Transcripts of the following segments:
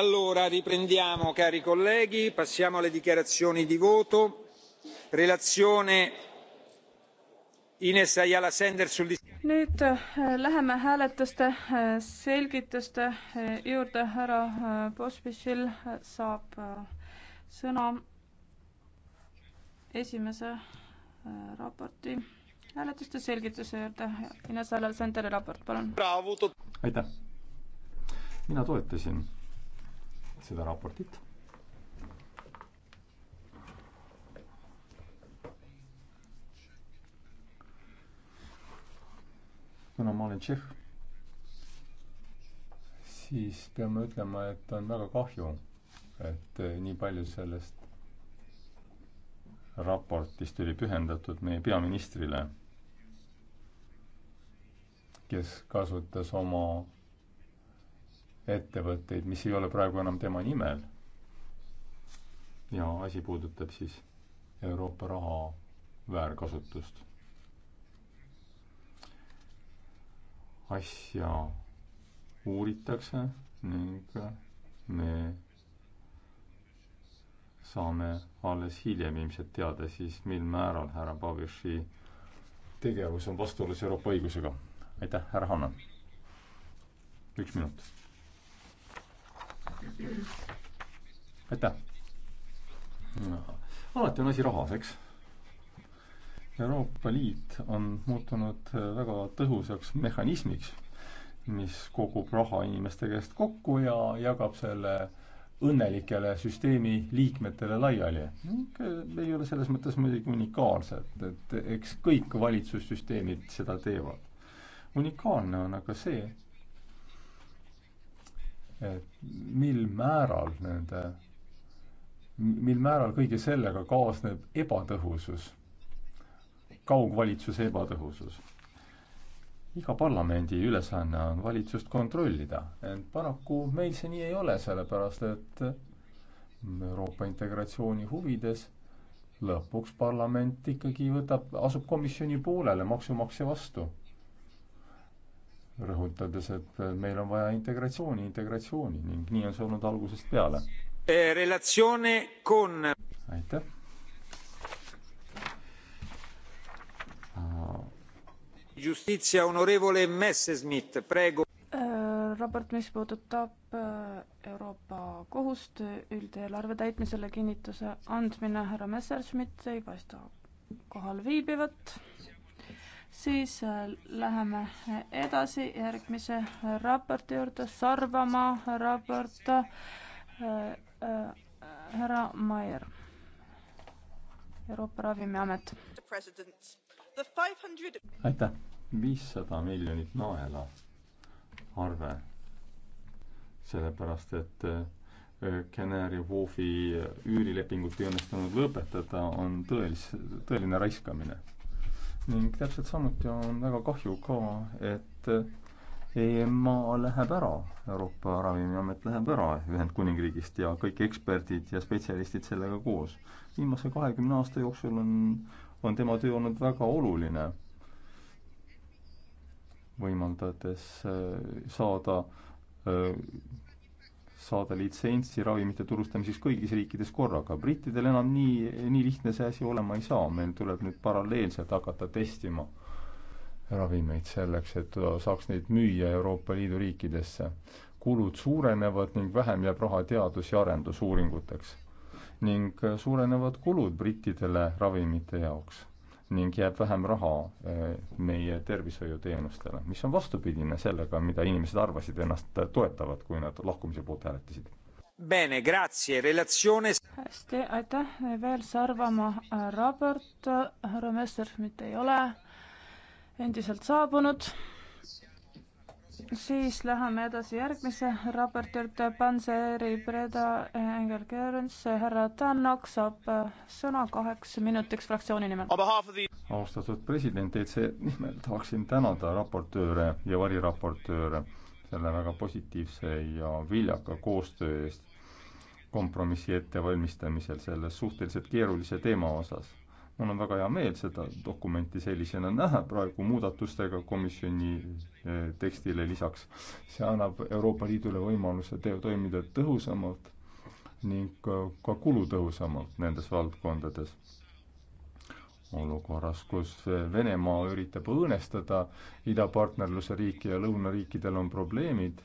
allora riprendiamo cari colleghi passiamo alle dichiarazioni di voto relatsioone ines ayala sender sul. nüüd eh, läheme hääletuste eh, selgituste eh, juurde härra pospil saab sõna esimese raporti hääletuste selgituse juurde ines ayala senderi raport palun. aitäh mina toetasin seda raportit. kuna ma olen tšehh, siis peame ütlema, et on väga kahju, et eh, nii palju sellest raportist oli pühendatud meie peaministrile, kes kasutas oma ettevõtteid, mis ei ole praegu enam tema nimel. ja asi puudutab siis Euroopa raha väärkasutust. asja uuritakse ning me saame alles hiljem ilmselt teada siis, mil määral härra Babiši tegevus on vastuolus Euroopa õigusega. aitäh, härra Hanna! üks minut aitäh no,. alati on asi rahas, eks? Euroopa Liit on muutunud äh, väga tõhusaks mehhanismiks, mis kogub raha inimeste käest kokku ja jagab selle õnnelikele süsteemi liikmetele laiali. me äh, ei ole selles mõttes muidugi unikaalsed, et eks kõik valitsussüsteemid seda teevad. unikaalne on aga see, et mil määral nende, mil määral kõige sellega kaasneb ebatõhusus, kaugvalitsuse ebatõhusus. iga parlamendi ülesanne on valitsust kontrollida, ent paraku meil see nii ei ole, sellepärast et Euroopa integratsiooni huvides lõpuks parlament ikkagi võtab, asub komisjoni poolele maksumaksja vastu rõhutades, et meil on vaja integratsiooni, integratsiooni ning nii on see olnud algusest peale. Eh, aitäh. Justitia honorevole Messerschmidt, praegu. Äh, raport, mis puudutab äh, Euroopa kohust üldeelarve täitmisele kinnituse andmine, härra Messerschmidt ei paista kohal viibivat siis äh, läheme edasi järgmise raporti juurde, Sarvamaa raport äh,, äh härra äh, Maier, Euroopa Ravimiamet. aitäh, viissada miljonit naela arve, sellepärast et äh, Canary Wharfi üürilepingut ei õnnestunud lõpetada, on tõelis-, tõeline raiskamine ning täpselt samuti on väga kahju ka, et EMA läheb ära, Euroopa Ravimiamet läheb ära Ühendkuningriigist ja kõik eksperdid ja spetsialistid sellega koos. viimase kahekümne aasta jooksul on, on tema töö olnud väga oluline, võimaldades äh, saada äh, saada litsentsi ravimite turustamiseks kõigis riikides korraga. brittidel enam nii, nii lihtne see asi olema ei saa, meil tuleb nüüd paralleelselt hakata testima ravimeid selleks, et saaks neid müüa Euroopa Liidu riikidesse. kulud suurenevad ning vähem jääb raha teadus- ja arendusuuringuteks. ning suurenevad kulud brittidele ravimite jaoks ning jääb vähem raha äh, meie tervishoiuteenustele, mis on vastupidine sellega, mida inimesed arvasid ennast toetavat, kui nad lahkumise poolt hääletasid. hästi, aitäh, veel Sarvamaa äh, raport, härra Messerschmidt ei ole endiselt saabunud siis läheme edasi järgmise raporti juurde, Panseri Breda Engel-Kerens, härra Tannok saab äh, sõna kaheks minutiks fraktsiooni nimel. austatud president, EC nimel tahaksin tänada raportööre ja variraportööre selle väga positiivse ja viljaka koostöö eest kompromissi ettevalmistamisel selles suhteliselt keerulise teema osas mul on väga hea meel seda dokumenti sellisena näha praegu muudatustega komisjoni Eh, tekstile lisaks. see annab Euroopa Liidule võimaluse te-, toimida tõhusamalt ning ka, eh, ka kulutõhusamalt nendes valdkondades. olukorras, kus eh, Venemaa üritab õõnestada idapartnerluse riiki ja lõunariikidel on probleemid,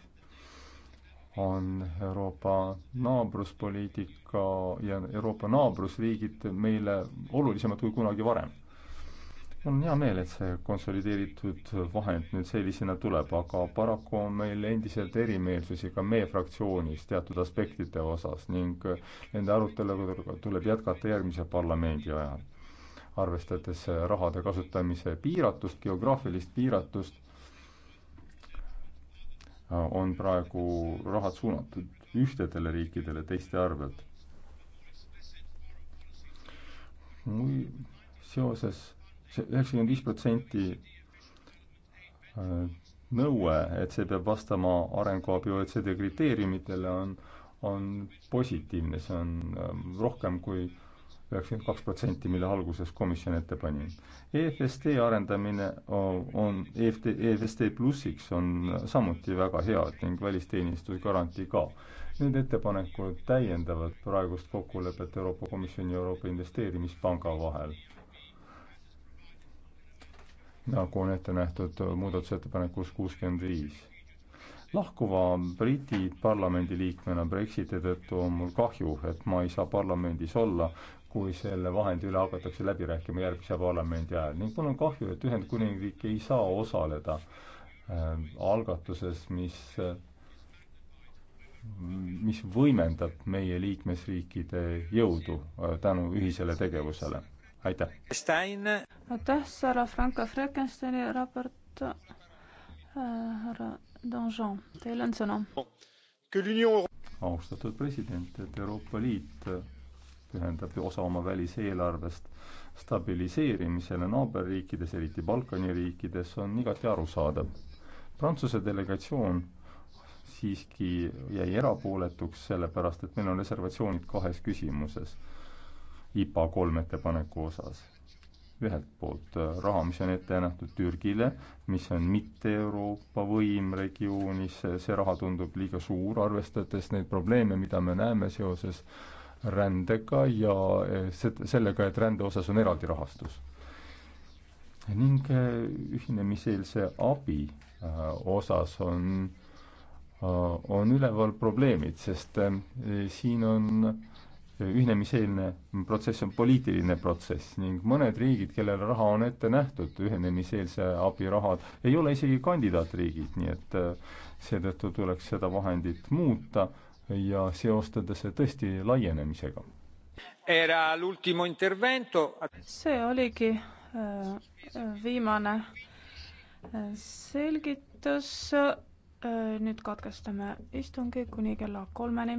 on Euroopa naabruspoliitika ja Euroopa naabrusriigid meile olulisemad kui kunagi varem mul on hea meel, et see konsolideeritud vahend nüüd sellisena tuleb, aga paraku on meil endiselt erimeelsusi ka meie fraktsioonis teatud aspektide osas ning nende aruteludega tuleb jätkata järgmise parlamendi ajal. arvestades rahade kasutamise piiratust, geograafilist piiratust, on praegu rahad suunatud ühtedele riikidele teiste arvelt. mul seoses üheksakümmend viis protsenti äh, nõue, et see peab vastama arenguabi OECD kriteeriumitele, on, on positiivne, see on äh, rohkem kui üheksakümmend kaks protsenti, mille alguses komisjon ette pani. EFSD arendamine on, EFT, EFSD plussiks on samuti väga head ning välisteenistus garantii ka. Need ettepanekud täiendavad praegust kokkulepet Euroopa Komisjoni ja Euroopa Investeerimispanga vahel nagu on ette nähtud muudatusettepanekus kuuskümmend viis. lahkuva Briti parlamendi liikmena Brexiti tõttu on mul kahju, et ma ei saa parlamendis olla, kui selle vahendi üle hakatakse läbi rääkima järgmise parlamendi ajal ning mul on kahju, et Ühendkuningriik ei saa osaleda äh, algatuses, mis äh, mis võimendab meie liikmesriikide jõudu äh, tänu ühisele tegevusele aitäh. aitäh, Sara Franco Frankensteini raport äh,, härra Donjon, teil on sõna. austatud president, et Euroopa Liit pühendab osa oma väliseelarvest stabiliseerimisele naaberriikides, eriti Balkani riikides, on igati arusaadav. Prantsuse delegatsioon siiski jäi erapooletuks, sellepärast et meil on reservatsioonid kahes küsimuses IPA kolm ettepaneku osas. ühelt poolt äh, raha, mis on ette nähtud Türgile, mis on mitte Euroopa võim regioonis, see raha tundub liiga suur, arvestades neid probleeme, mida me näeme seoses rändega ja äh, sellega, et rände osas on eraldi rahastus. ning äh, ühinemiseelse abi osas on, on üleval probleemid, sest siin on äh, ühinemiseelne protsess on poliitiline protsess ning mõned riigid, kellele raha on ette nähtud, ühinemiseelse abi rahad, ei ole isegi kandidaatriigid, nii et äh, seetõttu tuleks seda vahendit muuta ja seostada see tõesti laienemisega. see oligi äh, viimane äh, selgitus. nüüd katkestame istungi kuni kella kolmeni.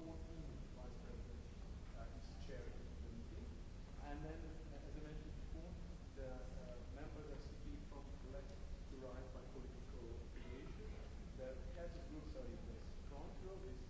14 vice president uh, is chairing the meeting. And then, uh, as I mentioned before, the uh, members are speaking from left to right by political affiliation. The uh, heads of groups are in the front row. This